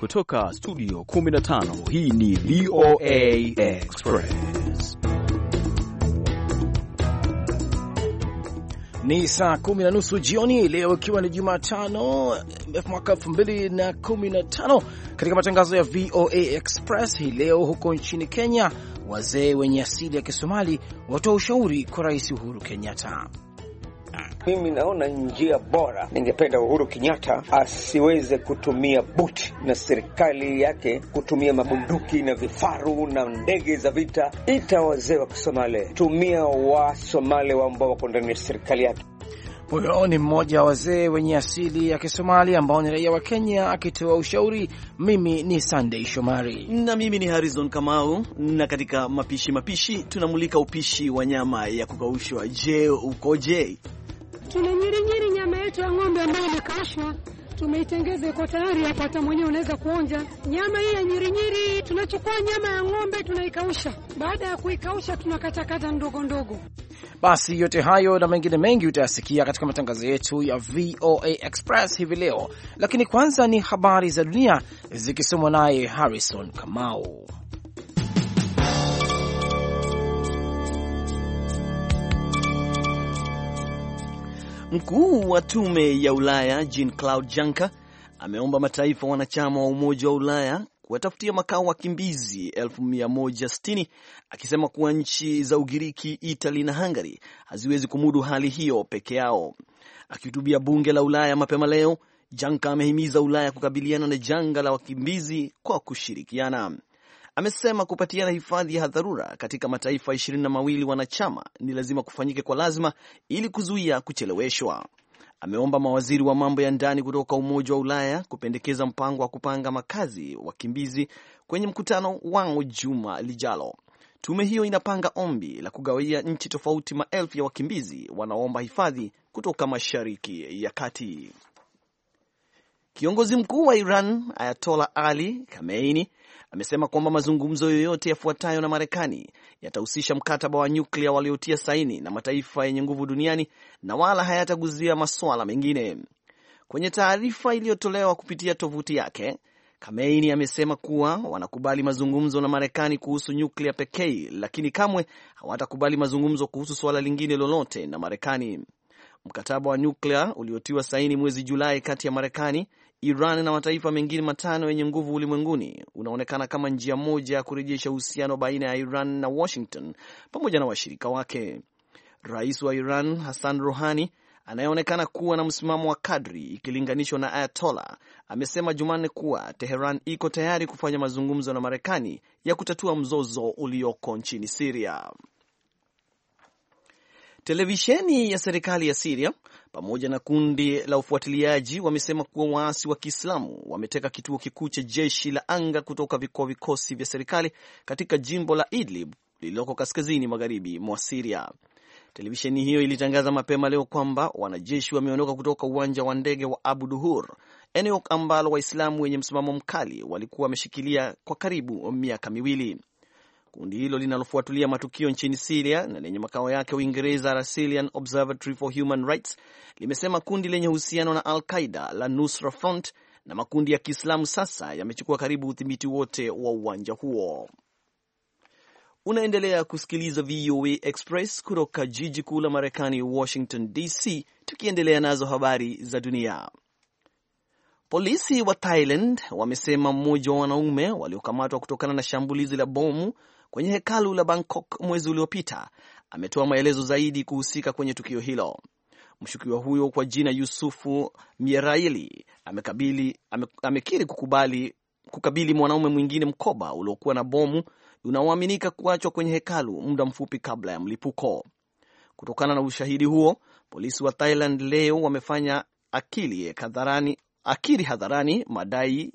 Kutoka studio 15 hii ni VOA Express. Ni saa kumi na nusu jioni leo, ikiwa ni Jumatano mwaka tano. Katika matangazo ya VOA Express hii leo, huko nchini Kenya, wazee wenye asili ya Kisomali watoa ushauri kwa Rais Uhuru Kenyatta. Mimi naona njia bora, ningependa Uhuru Kenyatta asiweze kutumia buti na serikali yake kutumia mabunduki na vifaru na ndege za vita. Ita wazee wa Kisomale, tumia Wasomale ambao wako ndani ya serikali yake. Huyo ni mmoja wa wazee wenye asili ya Kisomali ambao ni raia wa Kenya akitoa ushauri. Mimi ni sandey Shomari na mimi ni Harrison Kamau, na katika mapishi mapishi tunamulika upishi wa nyama ya kukaushwa. Je, ukoje? Tuna nyirinyiri nyama yetu ya ng'ombe ambayo imekaushwa tumeitengeza iko tayari hapa, hata mwenyewe unaweza kuonja nyama hii ya nyirinyiri. Tunachukua nyama ya ng'ombe tunaikausha, baada ya kuikausha tunakatakata ndogo ndogo. Basi yote hayo na mengine mengi utayasikia katika matangazo yetu ya VOA Express hivi leo, lakini kwanza ni habari za dunia zikisomwa naye Harrison Kamau. Mkuu wa tume ya Ulaya Jean Claude Juncker ameomba mataifa wanachama wa Umoja wa Ulaya kuwatafutia makao wakimbizi 160 akisema kuwa nchi za Ugiriki, Itali na Hungary haziwezi kumudu hali hiyo peke yao. Akihutubia bunge la Ulaya mapema leo, janka amehimiza Ulaya kukabiliana na janga la wakimbizi kwa kushirikiana. Amesema kupatiana hifadhi ya dharura katika mataifa ishirini na mawili wanachama ni lazima kufanyike kwa lazima ili kuzuia kucheleweshwa. Ameomba mawaziri wa mambo ya ndani kutoka Umoja wa Ulaya kupendekeza mpango wa kupanga makazi wakimbizi kwenye mkutano wao juma lijalo. Tume hiyo inapanga ombi la kugawia nchi tofauti maelfu ya wakimbizi wanaomba hifadhi kutoka Mashariki ya Kati. Kiongozi mkuu wa Iran Ayatola Ali Khamenei amesema kwamba mazungumzo yoyote yafuatayo na Marekani yatahusisha mkataba wa nyuklia waliotia saini na mataifa yenye nguvu duniani na wala hayataguzia masuala mengine. Kwenye taarifa iliyotolewa kupitia tovuti yake, Kameini amesema kuwa wanakubali mazungumzo na Marekani kuhusu nyuklia pekee, lakini kamwe hawatakubali mazungumzo kuhusu suala lingine lolote na Marekani. Mkataba wa nyuklia uliotiwa saini mwezi Julai kati ya Marekani, Iran na mataifa mengine matano yenye nguvu ulimwenguni unaonekana kama njia moja ya kurejesha uhusiano baina ya Iran na Washington pamoja na washirika wake. Rais wa Iran Hassan Rouhani anayeonekana kuwa na msimamo wa kadri ikilinganishwa na Ayatollah amesema Jumanne kuwa Teheran iko tayari kufanya mazungumzo na Marekani ya kutatua mzozo ulioko nchini Siria. Televisheni ya serikali ya Siria pamoja na kundi la ufuatiliaji wamesema kuwa waasi wa Kiislamu wameteka kituo kikuu cha jeshi la anga kutoka vikwa vikosi vya serikali katika jimbo la Idlib lililoko kaskazini magharibi mwa Siria. Televisheni hiyo ilitangaza mapema leo kwamba wanajeshi wameondoka kutoka uwanja wa ndege wa Abu Duhur, eneo ambalo Waislamu wenye msimamo mkali walikuwa wameshikilia kwa karibu miaka miwili. Kundi hilo linalofuatilia matukio nchini Siria na lenye makao yake Uingereza, Syrian Observatory for Human Rights, limesema kundi lenye uhusiano na Al Qaida la Nusra Front na makundi ya Kiislamu sasa yamechukua karibu udhibiti wote wa uwanja huo. Unaendelea kusikiliza VOA Express kutoka jiji kuu la Marekani, Washington DC, tukiendelea nazo habari za dunia. Polisi wa Thailand wamesema mmoja wa wanaume waliokamatwa kutokana na shambulizi la bomu kwenye hekalu la Bangkok mwezi uliopita ametoa maelezo zaidi kuhusika kwenye tukio hilo. Mshukiwa huyo kwa jina Yusufu Mieraili amekabili, ame, amekiri kukubali, kukabili mwanaume mwingine mkoba uliokuwa na bomu unaoaminika kuachwa kwenye hekalu muda mfupi kabla ya mlipuko. Kutokana na ushahidi huo, polisi wa Thailand leo wamefanya akili kadharani akiri hadharani madai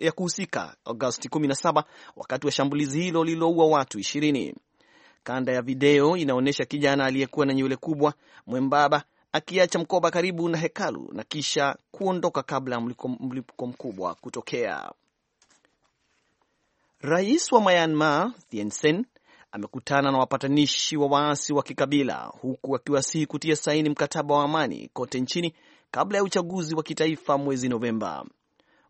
ya kuhusika Agosti 17 wakati wa shambulizi hilo lililoua watu ishirini Kanda ya video inaonyesha kijana aliyekuwa na nywele kubwa mwembaba akiacha mkoba karibu na hekalu na kisha kuondoka kabla ya mlipuko mkubwa kutokea. Rais wa Myanmar Thein Sein amekutana na wapatanishi wa waasi wa kikabila huku akiwasihi kutia saini mkataba wa amani kote nchini kabla ya uchaguzi wa kitaifa mwezi Novemba.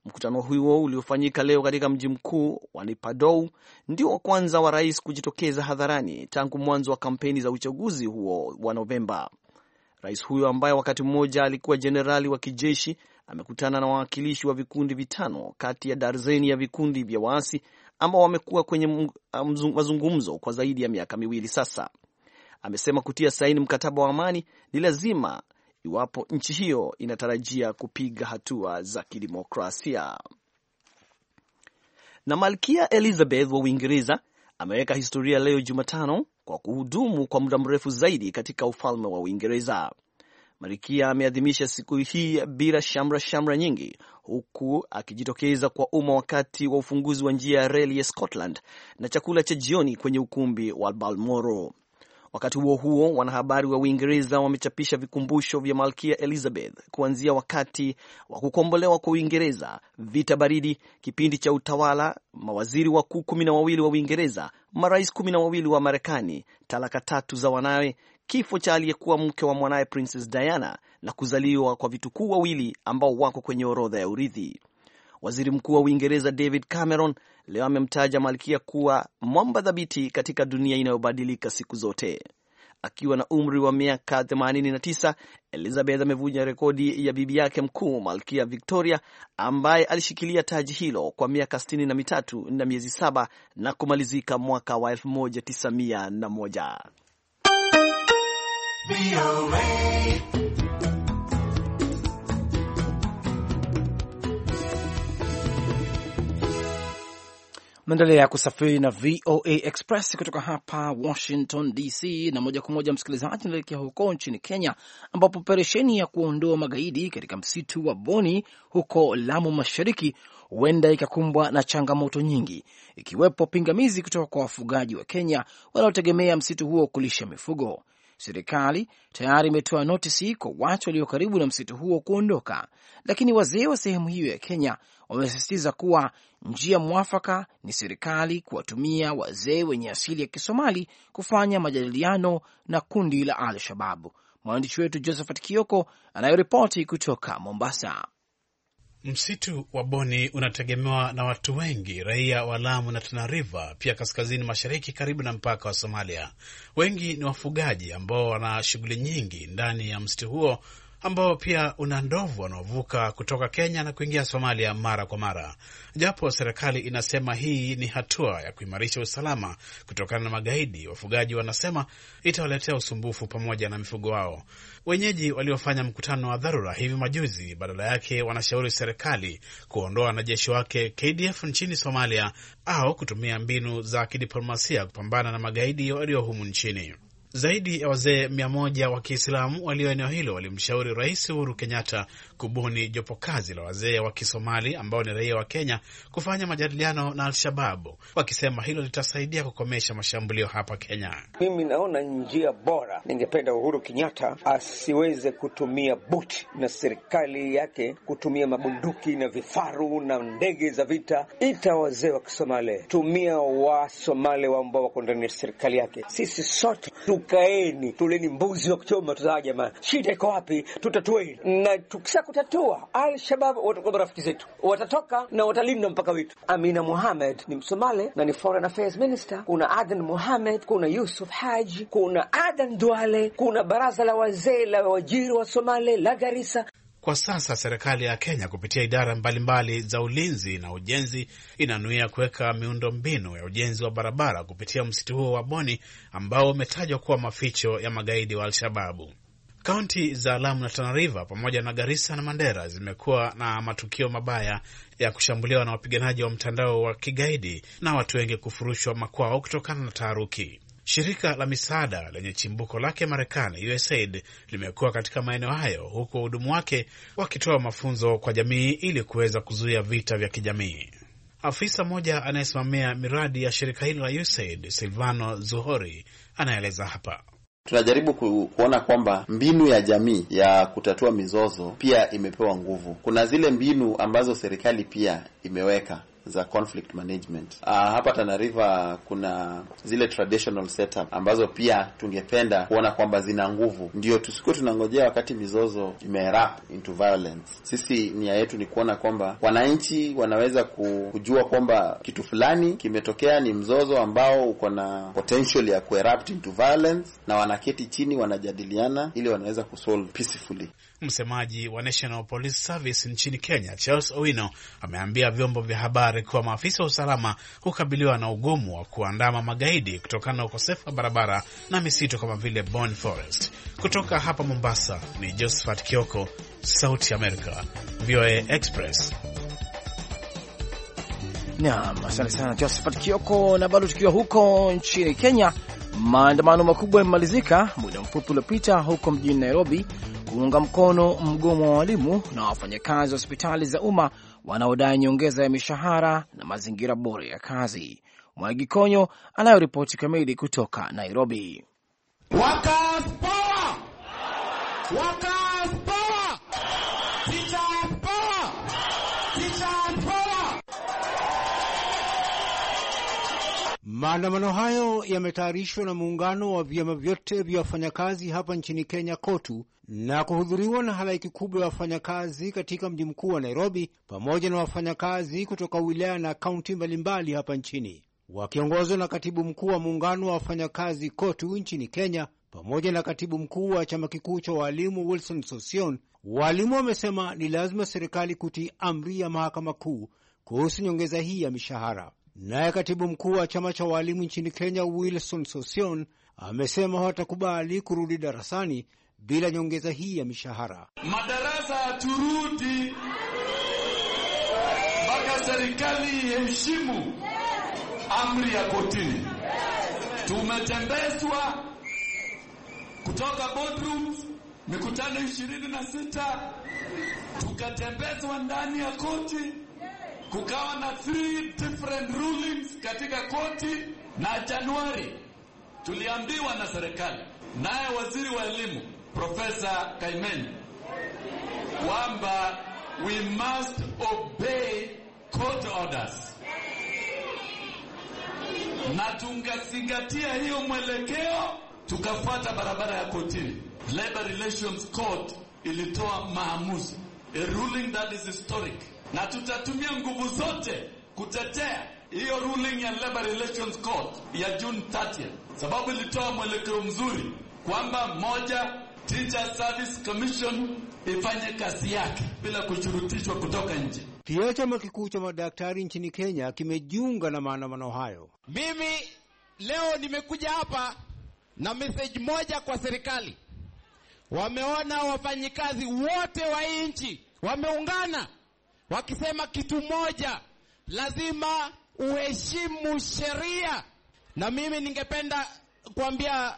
Mkutano huo uliofanyika leo katika mji mkuu wa Nipadou ndio wa kwanza wa rais kujitokeza hadharani tangu mwanzo wa kampeni za uchaguzi huo wa Novemba. Rais huyo ambaye wakati mmoja alikuwa jenerali wa kijeshi amekutana na wawakilishi wa vikundi vitano kati ya darzeni ya vikundi vya waasi ambao wamekuwa kwenye mazungumzo kwa zaidi ya miaka miwili sasa. Amesema kutia saini mkataba wa amani ni lazima iwapo nchi hiyo inatarajia kupiga hatua za kidemokrasia. Na Malkia Elizabeth wa Uingereza ameweka historia leo Jumatano kwa kuhudumu kwa muda mrefu zaidi katika ufalme wa Uingereza. Malkia ameadhimisha siku hii bila shamra shamra nyingi, huku akijitokeza kwa umma wakati wa ufunguzi wa njia ya reli ya Scotland na chakula cha jioni kwenye ukumbi wa Balmoral. Wakati huo huo, wanahabari wa Uingereza wamechapisha vikumbusho vya Malkia Elizabeth kuanzia wakati wa kukombolewa kwa Uingereza, vita baridi, kipindi cha utawala, mawaziri wakuu kumi na wawili wa Uingereza, marais kumi na wawili wa Marekani, talaka tatu za wanawe, kifo cha aliyekuwa mke wa mwanaye Princess Diana na kuzaliwa kwa vitukuu wawili ambao wako kwenye orodha ya urithi. Waziri Mkuu wa Uingereza David Cameron leo amemtaja malkia kuwa mwamba thabiti katika dunia inayobadilika siku zote. Akiwa na umri wa miaka 89, Elizabeth amevunja rekodi ya bibi yake mkuu malkia Victoria ambaye alishikilia taji hilo kwa miaka 63 na miezi 7 na kumalizika mwaka wa 1901. Maendelea ya kusafiri na VOA Express kutoka hapa Washington DC, na moja kwa moja msikilizaji, naelekea huko nchini Kenya, ambapo operesheni ya kuondoa magaidi katika msitu wa Boni huko Lamu Mashariki huenda ikakumbwa na changamoto nyingi, ikiwepo pingamizi kutoka kwa wafugaji wa Kenya wanaotegemea msitu huo kulisha mifugo. Serikali tayari imetoa notisi kwa watu walio karibu na msitu huo kuondoka, lakini wazee wa sehemu hiyo ya Kenya wamesisitiza kuwa njia mwafaka ni serikali kuwatumia wazee wenye asili ya Kisomali kufanya majadiliano na kundi la Al Shababu. Mwandishi wetu Josephat Kioko anayoripoti kutoka Mombasa. Msitu wa Boni unategemewa na watu wengi, raia wa Lamu na Tana River, pia kaskazini mashariki karibu na mpaka wa Somalia. Wengi ni wafugaji ambao wana shughuli nyingi ndani ya msitu huo ambao pia una ndovu wanaovuka kutoka Kenya na kuingia Somalia mara kwa mara, japo serikali inasema hii ni hatua ya kuimarisha usalama kutokana na magaidi. Wafugaji wanasema itawaletea usumbufu pamoja na mifugo wao. Wenyeji waliofanya mkutano wa dharura hivi majuzi, badala yake wanashauri serikali kuondoa wanajeshi wake KDF nchini Somalia au kutumia mbinu za kidiplomasia kupambana na magaidi walio humu nchini. Zaidi ya wazee mia moja wa Kiislamu walio eneo hilo walimshauri Rais Uhuru Kenyatta kubuni jopo kazi la wazee wa Kisomali ambao ni raia wa Kenya kufanya majadiliano na Al-Shababu, wakisema hilo litasaidia kukomesha mashambulio hapa Kenya. Mimi naona njia bora, ningependa Uhuru Kenyatta asiweze kutumia buti na serikali yake kutumia mabunduki na vifaru na ndege za vita. Ita wazee wa Kisomali, tumia Wasomali ambao wako ndani ya serikali yake. Sisi sote kaeni tuleni mbuzi wa kuchoma tuzaa. Jamani, shida iko wapi? Tutatue hili, na tukisha kutatua Al-Shabab watakuwa marafiki zetu, watatoka na watalinda mpaka wetu. Amina Muhamed ni Msomali na ni foreign affairs minister. Kuna Adan Muhamed, kuna Yusuf Haji, kuna Adan Duale, kuna baraza la wazee la wajiri wa Somali la garisa kwa sasa serikali ya Kenya kupitia idara mbalimbali mbali za ulinzi na ujenzi inanuia kuweka miundo mbinu ya ujenzi wa barabara kupitia msitu huo wa Boni ambao umetajwa kuwa maficho ya magaidi wa Al-Shababu. Kaunti za Lamu na Tana River pamoja na Garissa na Mandera zimekuwa na matukio mabaya ya kushambuliwa na wapiganaji wa mtandao wa kigaidi na watu wengi kufurushwa makwao kutokana na taharuki. Shirika la misaada lenye chimbuko lake Marekani, USAID, limekuwa katika maeneo hayo, huku wahudumu wake wakitoa mafunzo kwa jamii ili kuweza kuzuia vita vya kijamii. Afisa mmoja anayesimamia miradi ya shirika hilo la USAID, Silvano Zuhori, anaeleza hapa. Tunajaribu kuona kwamba mbinu ya jamii ya kutatua mizozo pia imepewa nguvu. Kuna zile mbinu ambazo serikali pia imeweka za conflict management. Uh, hapa Tana River kuna zile traditional setup ambazo pia tungependa kuona kwamba zina nguvu, ndio tusikuwe tunangojea wakati mizozo imeerap into violence. Sisi nia yetu ni kuona kwamba wananchi wanaweza kujua kwamba kitu fulani kimetokea, ni mzozo ambao uko na potential ya kuerupt into violence, na wanaketi chini wanajadiliana ili wanaweza kusolve peacefully. Msemaji wa National Police Service nchini Kenya, Charles Owino, ameambia vyombo vya habari kuwa maafisa wa usalama hukabiliwa na ugumu wa kuandama magaidi kutokana na ukosefu wa barabara na misitu kama vile Boni Forest. Kutoka hapa Mombasa ni Josephat Kioko, Sauti America, VOA Express. nam asante sana Josephat Kioko. Na bado tukiwa huko nchini Kenya, maandamano makubwa yamemalizika muda mfupi uliopita huko mjini Nairobi kuunga mkono mgomo wa walimu na wafanyakazi wa hospitali za umma wanaodai nyongeza ya mishahara na mazingira bora ya kazi. Mwanagikonyo anayo ripoti kamili kutoka Nairobi. Wakapoa. Waka! Maandamano hayo yametayarishwa na muungano wa vyama vyote vya wafanyakazi hapa nchini Kenya, KOTU, na kuhudhuriwa na halaiki kubwa ya wafanyakazi katika mji mkuu wa Nairobi, pamoja na wafanyakazi kutoka wilaya na kaunti mbalimbali hapa nchini, wakiongozwa na katibu mkuu wa muungano wa wafanyakazi KOTU nchini Kenya pamoja na katibu mkuu wa chama kikuu cha waalimu Wilson Sosion. Waalimu wamesema ni lazima serikali kutii amri ya mahakama kuu kuhusu nyongeza hii ya mishahara. Naye katibu mkuu wa chama cha waalimu nchini Kenya, Wilson Sosion, amesema hawatakubali kurudi darasani bila nyongeza hii ya mishahara. Madarasa haturudi mpaka serikali iheshimu amri ya kotini. Tumetembezwa kutoka boardroom mikutano 26 tukatembezwa ndani ya koti kukawa na three different rulings katika koti, na Januari tuliambiwa na serikali naye waziri wa elimu Profesa Kaimeni kwamba we must obey court orders, na tungazingatia hiyo mwelekeo, tukafuata barabara ya kotini. Labor Relations Court ilitoa maamuzi, a ruling that is historic na tutatumia nguvu zote kutetea hiyo ruling ya Labor Relations Court ya June 30, sababu ilitoa mwelekeo mzuri kwamba moja, Teacher Service Commission ifanye kazi yake bila kushurutishwa kutoka nje. Pia chama kikuu cha madaktari nchini Kenya kimejiunga na maandamano hayo. Mimi leo nimekuja hapa na message moja kwa serikali. Wameona wafanyikazi wote wa nchi wameungana wakisema kitu moja, lazima uheshimu sheria. Na mimi ningependa kuambia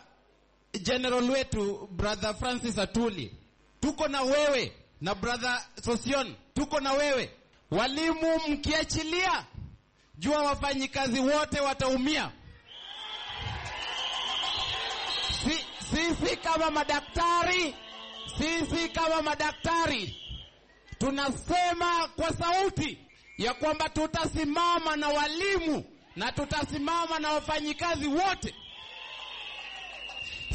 general wetu brother Francis Atuli, tuko na wewe na brother Sosion, tuko na wewe. Walimu mkiachilia, jua wafanyikazi wote wataumia. Si, sisi kama madaktari, sisi kama madaktari tunasema kwa sauti ya kwamba tutasimama na walimu na tutasimama na wafanyikazi wote.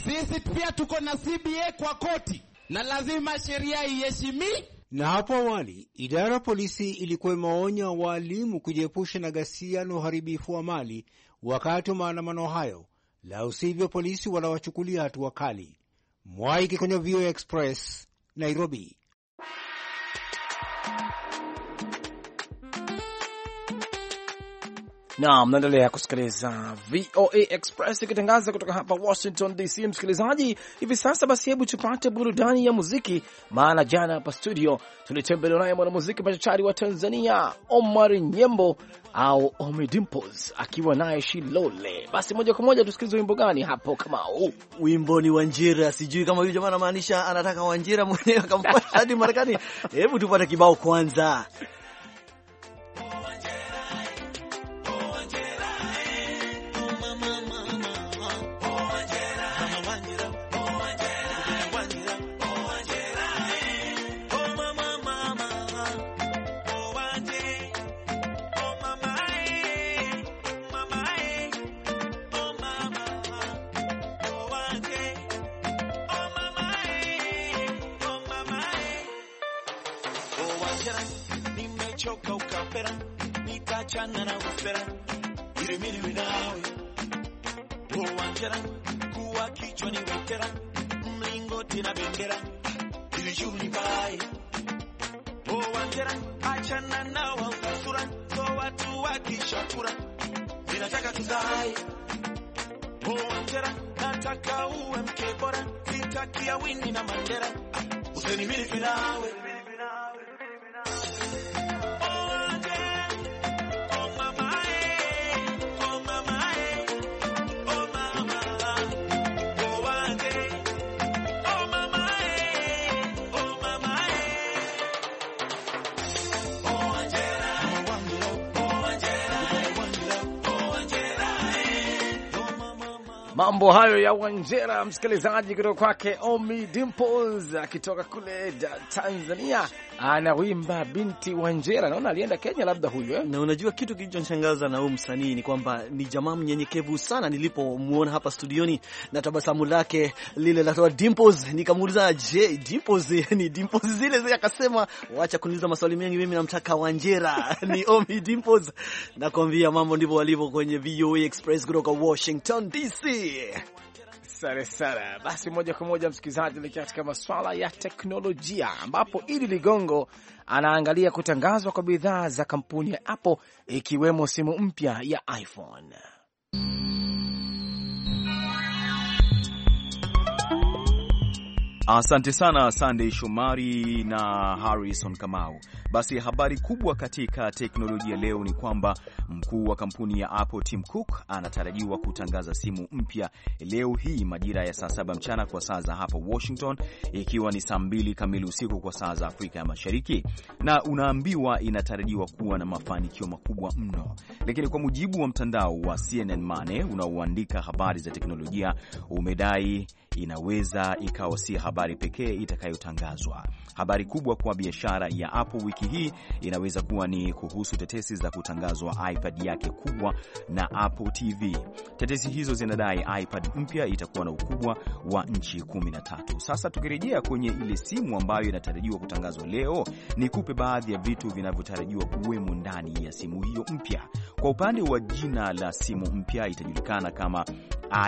Sisi pia tuko na CBA kwa koti na lazima sheria iheshimi Na hapo awali idara ya polisi ilikuwa imeonya waalimu kujiepusha na ghasia na uharibifu wa mali wakati wa maandamano hayo, la usivyo polisi wanawachukulia hatua kali. Mwaiki kwenye VOA Express, Nairobi. Bye. na mnaendelea kusikiliza VOA Express ikitangaza kutoka hapa Washington DC. Msikilizaji, hivi sasa basi, hebu tupate burudani ya muziki, maana jana hapa studio tulitembelewa naye mwanamuziki machachari wa Tanzania, Omar Nyembo au Omy Dimples akiwa naye Shilole. Basi moja kwa moja tusikilize wimbo gani hapo? Kama wimbo ni Wanjira, sijui kama huyu jamaa anamaanisha anataka Wanjira mwenyewe akamfuata hadi Marekani. Hebu tupate kibao kwanza. ukakera, nimechoka ukapera, nitachana na kupera irimiri nawe uwanjera kuwa kichwa ni wekera mlingoti na bendera ilijuni bae uwanjera achana na wa utasura so watu wakishakura ninataka tuzae uwanjera nataka uwe mke bora wini na mandera usenimirifi nawe Mambo hayo ya Wanjera, msikilizaji, kutoka kwake Omi Dimples akitoka kule Tanzania anawimba binti wa Njera. Naona alienda Kenya labda huyu eh? Na unajua kitu kilichonishangaza na huyu msanii ni kwamba ni jamaa mnyenyekevu sana. Nilipomuona hapa studioni na tabasamu lake lile la Dimples, nikamuuliza je, Dimples ni Dimples zile zile? Akasema wacha kuniuliza maswali mengi, mimi namtaka wa Njera ni Omi Dimples. Nakwambia mambo ndivyo walivyo kwenye VOA Express kutoka Washington DC. Sare sare. Basi moja kwa moja, msikilizaji, likia katika masuala ya teknolojia, ambapo Idi Ligongo anaangalia kutangazwa kwa bidhaa za kampuni ya Apple ikiwemo simu mpya ya iPhone. Asante sana Sunday Shomari na Harrison Kamau. Basi habari kubwa katika teknolojia leo ni kwamba mkuu wa kampuni ya Apple Tim Cook anatarajiwa kutangaza simu mpya leo hii majira ya saa saba mchana kwa saa za hapa Washington, ikiwa ni saa mbili kamili usiku kwa saa za Afrika ya Mashariki, na unaambiwa inatarajiwa kuwa na mafanikio makubwa mno. Lakini kwa mujibu wa mtandao wa CNN Money unaoandika habari za teknolojia, umedai inaweza ikawa si habari pekee itakayotangazwa. Habari kubwa kwa biashara ya Apple wiki hii inaweza kuwa ni kuhusu tetesi za kutangazwa iPad yake kubwa na Apple TV. Tetesi hizo zinadai iPad mpya itakuwa na ukubwa wa nchi 13. Sasa tukirejea kwenye ile simu ambayo inatarajiwa kutangazwa leo, nikupe baadhi ya vitu vinavyotarajiwa kuwemo ndani ya simu hiyo mpya. Kwa upande wa jina la simu mpya, itajulikana kama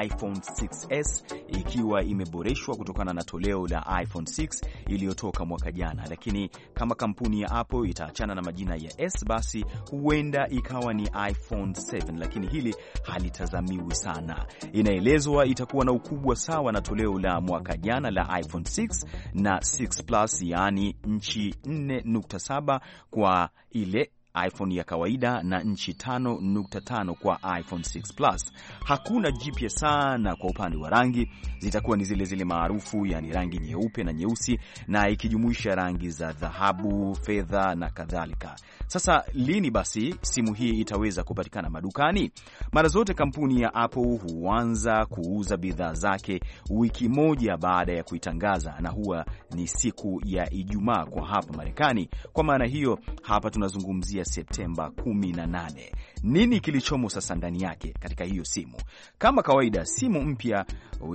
iPhone 6s ikiwa imeboreshwa kutokana na toleo la iPhone 6 iliyotoka mwaka jana, lakini kama kampuni ya Apple itaachana na majina ya S, basi huenda ikawa ni iPhone 7, lakini hili halitazamiwi sana. Inaelezwa itakuwa na ukubwa sawa na toleo la mwaka jana la iPhone 6 na 6 Plus, yaani nchi 4.7 kwa ile iPhone ya kawaida na nchi 5.5 kwa iPhone 6 Plus. Hakuna jipya sana kwa upande wa rangi, zitakuwa ni zile zile maarufu, yani rangi nyeupe na nyeusi, na ikijumuisha rangi za dhahabu, fedha na kadhalika. Sasa lini basi simu hii itaweza kupatikana madukani? Mara zote kampuni ya Apple huanza kuuza bidhaa zake wiki moja baada ya kuitangaza, na huwa ni siku ya Ijumaa kwa hapa Marekani. Kwa maana hiyo, hapa tunazungumzia kuanzia Septemba 18 nini kilichomo sasa ndani yake katika hiyo simu. Kama kawaida, simu mpya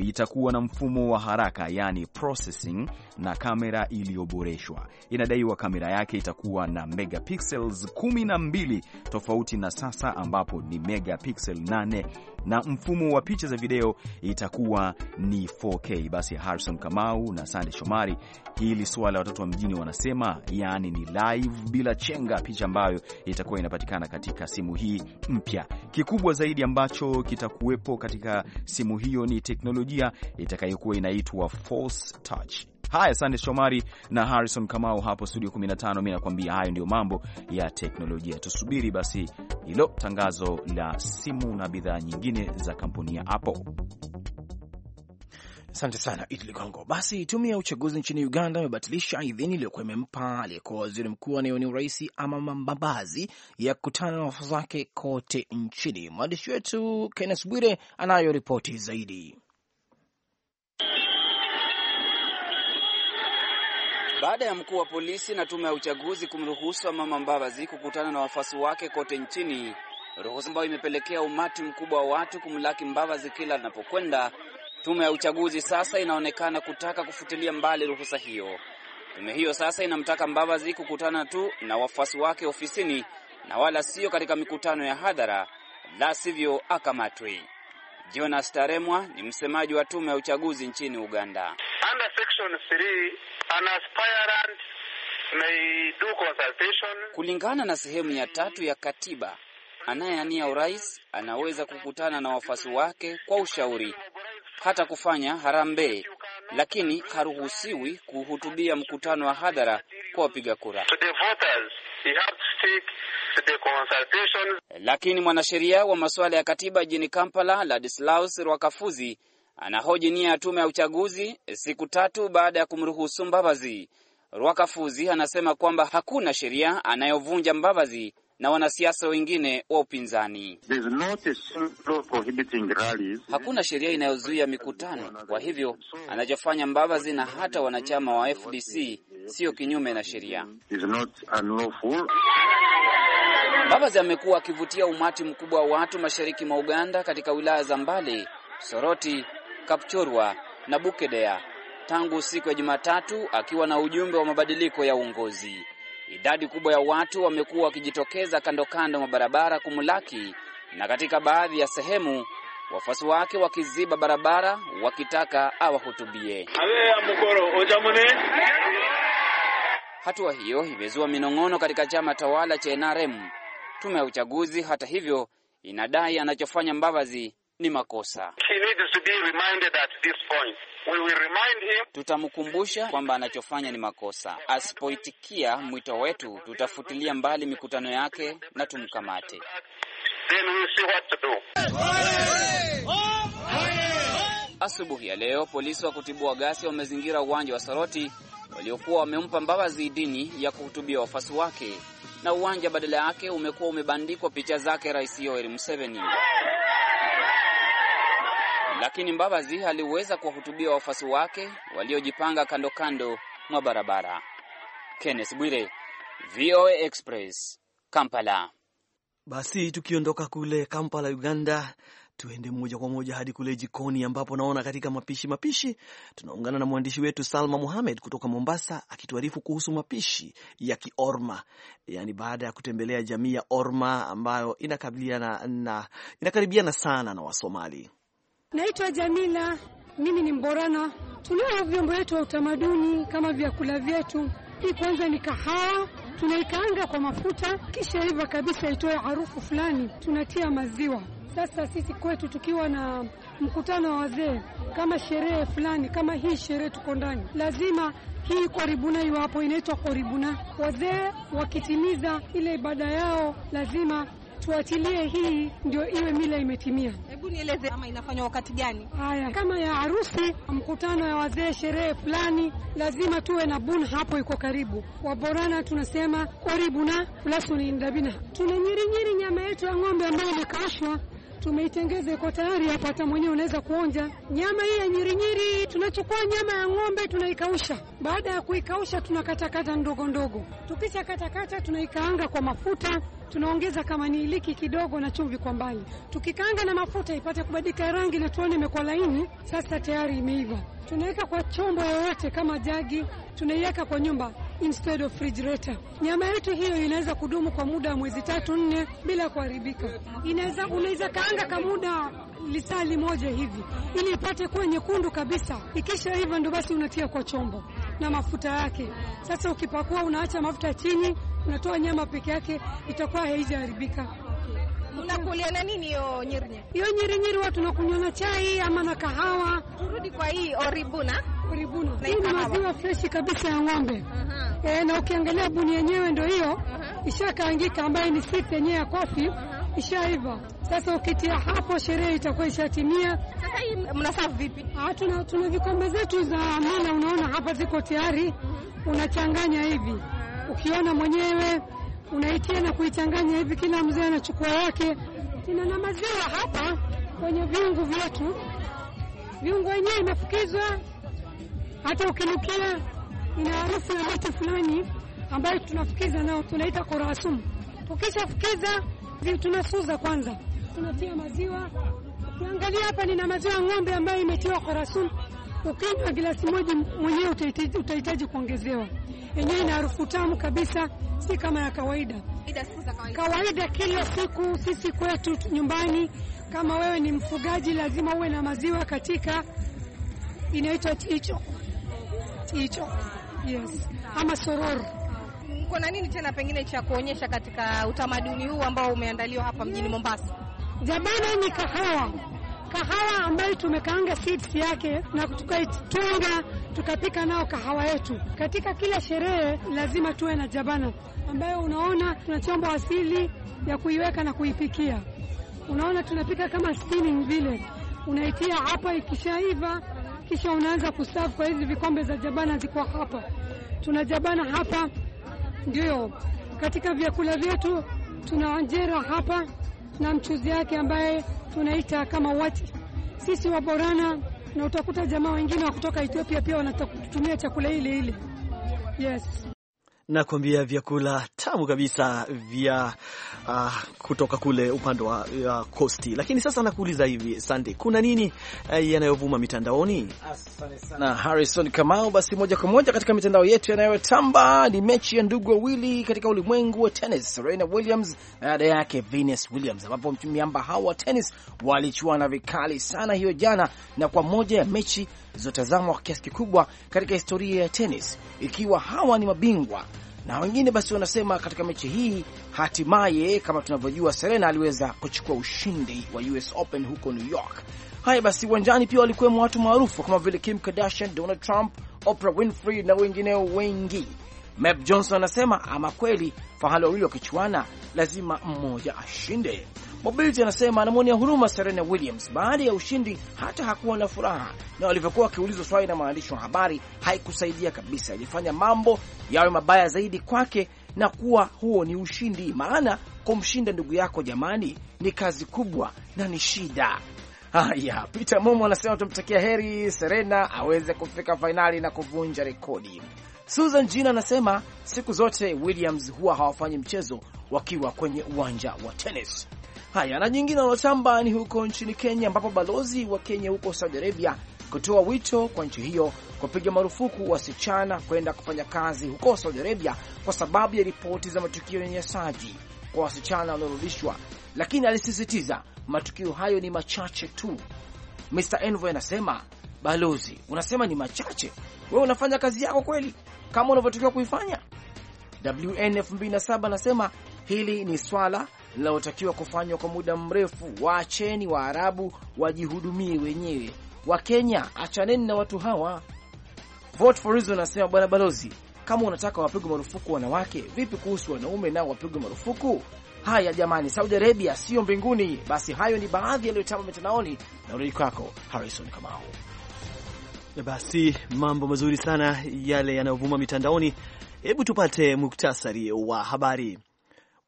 itakuwa na mfumo wa haraka, yani processing na kamera iliyoboreshwa. Inadaiwa kamera yake itakuwa na megapixels 12 tofauti na sasa ambapo ni megapixel 8 na mfumo wa picha za video itakuwa ni 4K. Basi Harrison Kamau na Sande Shomari, hili suala watoto wa mjini wanasema, yani ni live bila chenga, picha ambayo itakuwa inapatikana katika simu hii mpya. Kikubwa zaidi ambacho kitakuwepo katika simu hiyo ni teknolojia itakayokuwa inaitwa Force Touch. Haya, Sande Shomari na Harrison Kamau hapo studio 15. Mi nakuambia hayo ndio mambo ya teknolojia. Tusubiri basi hilo tangazo la simu na bidhaa nyingine za kampuni ya Apple. Asante sana Idi Ligongo. Basi tume ya uchaguzi nchini Uganda imebatilisha idhini iliyokuwa imempa aliyekuwa waziri mkuu anayewania urais ama Mambabazi ya kukutana na wafuasi wake kote nchini. Mwandishi wetu Kennes Bwire anayo ripoti zaidi. Baada ya mkuu wa polisi na tume ya uchaguzi kumruhusu Ama Mambabazi kukutana na wafuasi wake kote nchini, ruhusa ambayo imepelekea umati mkubwa wa watu kumlaki Mbabazi kila anapokwenda Tume ya uchaguzi sasa inaonekana kutaka kufutilia mbali ruhusa hiyo. Tume hiyo sasa inamtaka Mbabazi kukutana tu na wafuasi wake ofisini na wala sio katika mikutano ya hadhara, la sivyo akamatwe. Jonas Taremwa ni msemaji wa tume ya uchaguzi nchini Uganda. Under section 3, an aspirant may do consultation. Kulingana na sehemu ya tatu ya katiba, anayeania urais anaweza kukutana na wafuasi wake kwa ushauri hata kufanya harambee, lakini haruhusiwi kuhutubia mkutano wa hadhara kwa wapiga kura. Lakini mwanasheria wa masuala ya katiba jijini Kampala, Ladislaus Rwakafuzi, anahoji nia ya tume ya uchaguzi siku tatu baada ya kumruhusu Mbabazi. Rwakafuzi anasema kwamba hakuna sheria anayovunja Mbabazi na wanasiasa wengine wa upinzani. Hakuna sheria inayozuia mikutano. Kwa hivyo anachofanya Mbavazi na hata wanachama wa FDC siyo kinyume na sheria. Mbavazi amekuwa akivutia umati mkubwa wa watu mashariki mwa Uganda, katika wilaya za Mbale, Soroti, Kapchorwa na Bukedea tangu siku ya Jumatatu, akiwa na ujumbe wa mabadiliko ya uongozi idadi kubwa ya watu wamekuwa wakijitokeza kando kando mwa barabara kumlaki, na katika baadhi ya sehemu wafuasi wake wakiziba barabara wakitaka awahutubie. Hatua hiyo imezua minong'ono katika chama tawala cha NRM. Tume ya uchaguzi, hata hivyo, inadai anachofanya Mbavazi ni makosa. Tutamkumbusha kwamba anachofanya ni makosa. Asipoitikia mwito wetu, tutafutilia mbali mikutano yake na tumkamate. Asubuhi ya leo polisi wa kutibua ghasia wamezingira uwanja wa Saroti waliokuwa wamempa Mbabazi idhini ya kuhutubia wafuasi wake, na uwanja badala yake umekuwa umebandikwa picha zake Rais Yoweri Museveni lakini Mbabazi aliweza kuwahutubia wafuasi wake waliojipanga kando kando mwa barabara. Kenneth Bwire, VOA Express, Kampala. Basi tukiondoka kule Kampala, Uganda, tuende moja kwa moja hadi kule jikoni, ambapo naona katika mapishi mapishi tunaungana na mwandishi wetu Salma Muhamed kutoka Mombasa akituarifu kuhusu mapishi ya Kiorma, yaani baada ya kutembelea jamii ya Orma ambayo na inakaribiana sana na Wasomali. Naitwa Jamila, mimi ni Mborana. Tunao vyombo yetu wa utamaduni kama vyakula vyetu. Hii kwanza ni kahawa, tunaikaanga kwa mafuta, kisha iva kabisa itoe harufu fulani, tunatia maziwa. Sasa sisi kwetu tukiwa na mkutano wa wazee, kama sherehe fulani, kama hii sherehe tuko ndani, lazima hii koribuna iwapo, inaitwa koribuna. Wazee wakitimiza ile ibada yao, lazima tuatilie hii ndio iwe mila imetimia. Hebu nieleze kama inafanywa wakati gani? Haya, kama ya harusi, mkutano ya wazee, sherehe fulani, lazima tuwe na bun hapo iko karibu. Waborana tunasema koribuna lasunindabina, tuna nyirinyiri nyama yetu ya ng'ombe ambayo imekaushwa tumeitengeza iko tayari hapa, hata mwenyewe unaweza kuonja nyama hii ya nyirinyiri. Tunachukua nyama ya ng'ombe tunaikausha. Baada ya kuikausha, tunakatakata ndogo ndogo, tukisha katakata, tunaikaanga kwa mafuta tunaongeza kama ni iliki kidogo na chumvi kwa mbali, Tukikanga na mafuta ipate kubadilika rangi na tuone imekuwa laini. Sasa tayari imeiva, tunaweka kwa chombo yoyote kama jagi, tunaiweka kwa nyumba instead of refrigerator. Nyama yetu hiyo inaweza kudumu kwa muda wa mwezi tatu nne bila kuharibika. Inaweza unaweza kaanga kwa muda lisali moja hivi ili ipate kuwa nyekundu kabisa. Ikisha hivyo ndo basi unatia kwa chombo na mafuta yake. Sasa ukipakua unaacha mafuta chini unatoa nyama peke yake itakuwa haijaharibika. Unakulia na nini hiyo nyirnyi? Hiyo nyirinyiri watu nakunywa na chai ama na kahawa. Turudi kwa hii oribuna. Oribuna. Hii ni maziwa freshi kabisa ya ng'ombe. Uh-huh. E, na ukiangalia buni yenyewe ndio hiyo. Uh-huh. Ishakaangika ambayo ni sifa yenyewe ya kofi Uh-huh. Ishaiva. Sasa ukitia hapo sherehe itakuwa ishatimia. Sasa hii mnasafu vipi? Ah, tuna tuna vikombe zetu za mana unaona hapa ziko tayari. Uh-huh. Unachanganya hivi ukiona mwenyewe unaitia na kuichanganya hivi, kila mzee anachukua yake. Tuna na maziwa hapa kwenye viungu vyetu, viungu wenyewe imefukizwa, hata ukinukia ina harufu ya mti fulani ambayo tunafukiza nao, tunaita korasumu. Tukishafukiza tunasuza kwanza, tunatia maziwa. Ukiangalia hapa nina maziwa ng'ombe ambayo imetiwa korasumu Ukinywa glasi moja mwenyewe utahitaji kuongezewa, yenyewe ina harufu tamu kabisa, si kama ya kawaida. Kawaida kila siku sisi kwetu nyumbani, kama wewe ni mfugaji, lazima uwe na maziwa katika, inaitwa ticho ticho, yes, ama sororo. Kuna nini tena pengine cha kuonyesha katika utamaduni huu ambao umeandaliwa hapa mjini Mombasa? Jamani, ni kahawa kahawa ambayo tumekaanga seeds yake na tukaitunga tukapika nao kahawa yetu. Katika kila sherehe lazima tuwe na jabana ambayo unaona tuna chombo asili ya kuiweka na kuipikia. Unaona tunapika kama steaming vile, unaitia hapa, ikishaiva kisha unaanza kusafu kwa hizi vikombe za jabana, ziko hapa, tuna jabana hapa. Ndio katika vyakula vyetu tuna anjera hapa na mchuzi yake ambaye tunaita kama wati. Sisi Waborana, na utakuta jamaa wengine wa kutoka Ethiopia pia wanatutumia chakula ile ile. Yes nakuambia vyakula tamu kabisa vya uh, kutoka kule upande wa uh, kosti. Lakini sasa nakuuliza hivi Sande, kuna nini uh, yanayovuma mitandaoni? Asante sana na Harrison Kamau. Basi moja kwa moja katika mitandao yetu, yanayotamba ni mechi ya ndugu wawili katika ulimwengu wa tennis, Serena Williams na dada yake Venus Williams, ambapo miamba hawa wa tennis walichuana vikali sana hiyo jana, na kwa moja ya mechi zilizotazamwa kwa kiasi kikubwa katika historia ya tennis, ikiwa hawa ni mabingwa na wengine basi wanasema katika mechi hii hatimaye, kama tunavyojua, Serena aliweza kuchukua ushindi wa US Open huko New York. Haya basi, uwanjani pia walikuwemo watu maarufu kama vile Kim Kardashian, Donald Trump, Oprah Winfrey na wengineo wengi. Meb Johnson anasema ama kweli, fahali wawili wakichuana lazima mmoja ashinde. Mobility anasema anamwonea huruma Serena Williams, baada ya ushindi hata hakuwa na furaha, na walivyokuwa wakiulizwa swali na maandishi wa habari haikusaidia kabisa, alifanya mambo yawe mabaya zaidi kwake na kuwa huo ni ushindi, maana kumshinda ndugu yako jamani, ni kazi kubwa na ni shida. Haya, Peter Momo anasema tumtakia heri Serena aweze kufika fainali na kuvunja rekodi. Susan Jina anasema siku zote Williams huwa hawafanyi mchezo wakiwa kwenye uwanja wa tenis. Haya na nyingine nalotamba ni huko nchini Kenya, ambapo balozi wa Kenya huko Saudi Arabia kutoa wito kwa nchi hiyo kupiga marufuku wasichana kwenda kufanya kazi huko Saudi Arabia kwa sababu ya ripoti za matukio ya unyanyasaji kwa wasichana wanaorudishwa, lakini alisisitiza matukio hayo ni machache tu. Mr Envoy anasema, balozi, unasema ni machache, wewe unafanya kazi yako kweli kama unavyotakiwa kuifanya? WN 2007 anasema hili ni swala linalotakiwa kufanywa kwa muda mrefu. Waacheni Waarabu wajihudumie wenyewe. Wakenya, achaneni na watu hawa. Vote for Israel anasema bwana balozi, kama unataka wapigwe marufuku wanawake, vipi kuhusu wanaume nao wapigwe marufuku? Haya jamani, Saudi Arabia siyo mbinguni. Basi hayo ni baadhi yaliyotamba mitandaoni na urudi kwako Harrison Kamau. Basi mambo mazuri sana yale yanayovuma mitandaoni. Hebu tupate muktasari wa habari.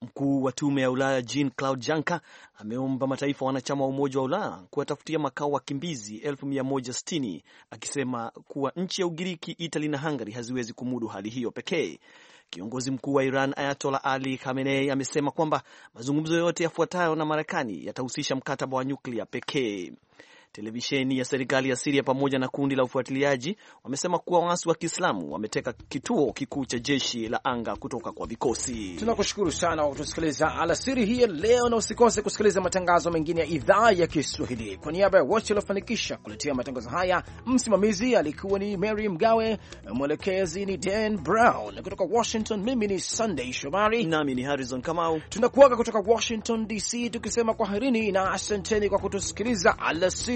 Mkuu wa tume ya Ulaya Jean Claude Juncker ameomba mataifa wanachama wa Umoja wa Ulaya kuwatafutia makao wakimbizi 160 akisema kuwa nchi ya Ugiriki, Itali na Hungary haziwezi kumudu hali hiyo pekee. Kiongozi mkuu wa Iran Ayatola Ali Khamenei amesema kwamba mazungumzo yote yafuatayo na Marekani yatahusisha mkataba wa nyuklia pekee. Televisheni ya serikali ya Siria pamoja na kundi la ufuatiliaji wamesema kuwa waasi wa Kiislamu wameteka kituo kikuu cha jeshi la anga kutoka kwa vikosi. Tunakushukuru sana kwa kutusikiliza alasiri hii leo, na usikose kusikiliza matangazo mengine ya idhaa ya Kiswahili. Kwa niaba ya wote waliofanikisha kuletea matangazo haya, msimamizi alikuwa ni Mary Mgawe, mwelekezi ni Dan Brown. Kutoka Washington, mimi ni Sunday Shomari nami ni Harrison Kamau. Tunakuaga kutoka Washington DC tukisema kwaherini na asanteni kwa kutusikiliza alasiri.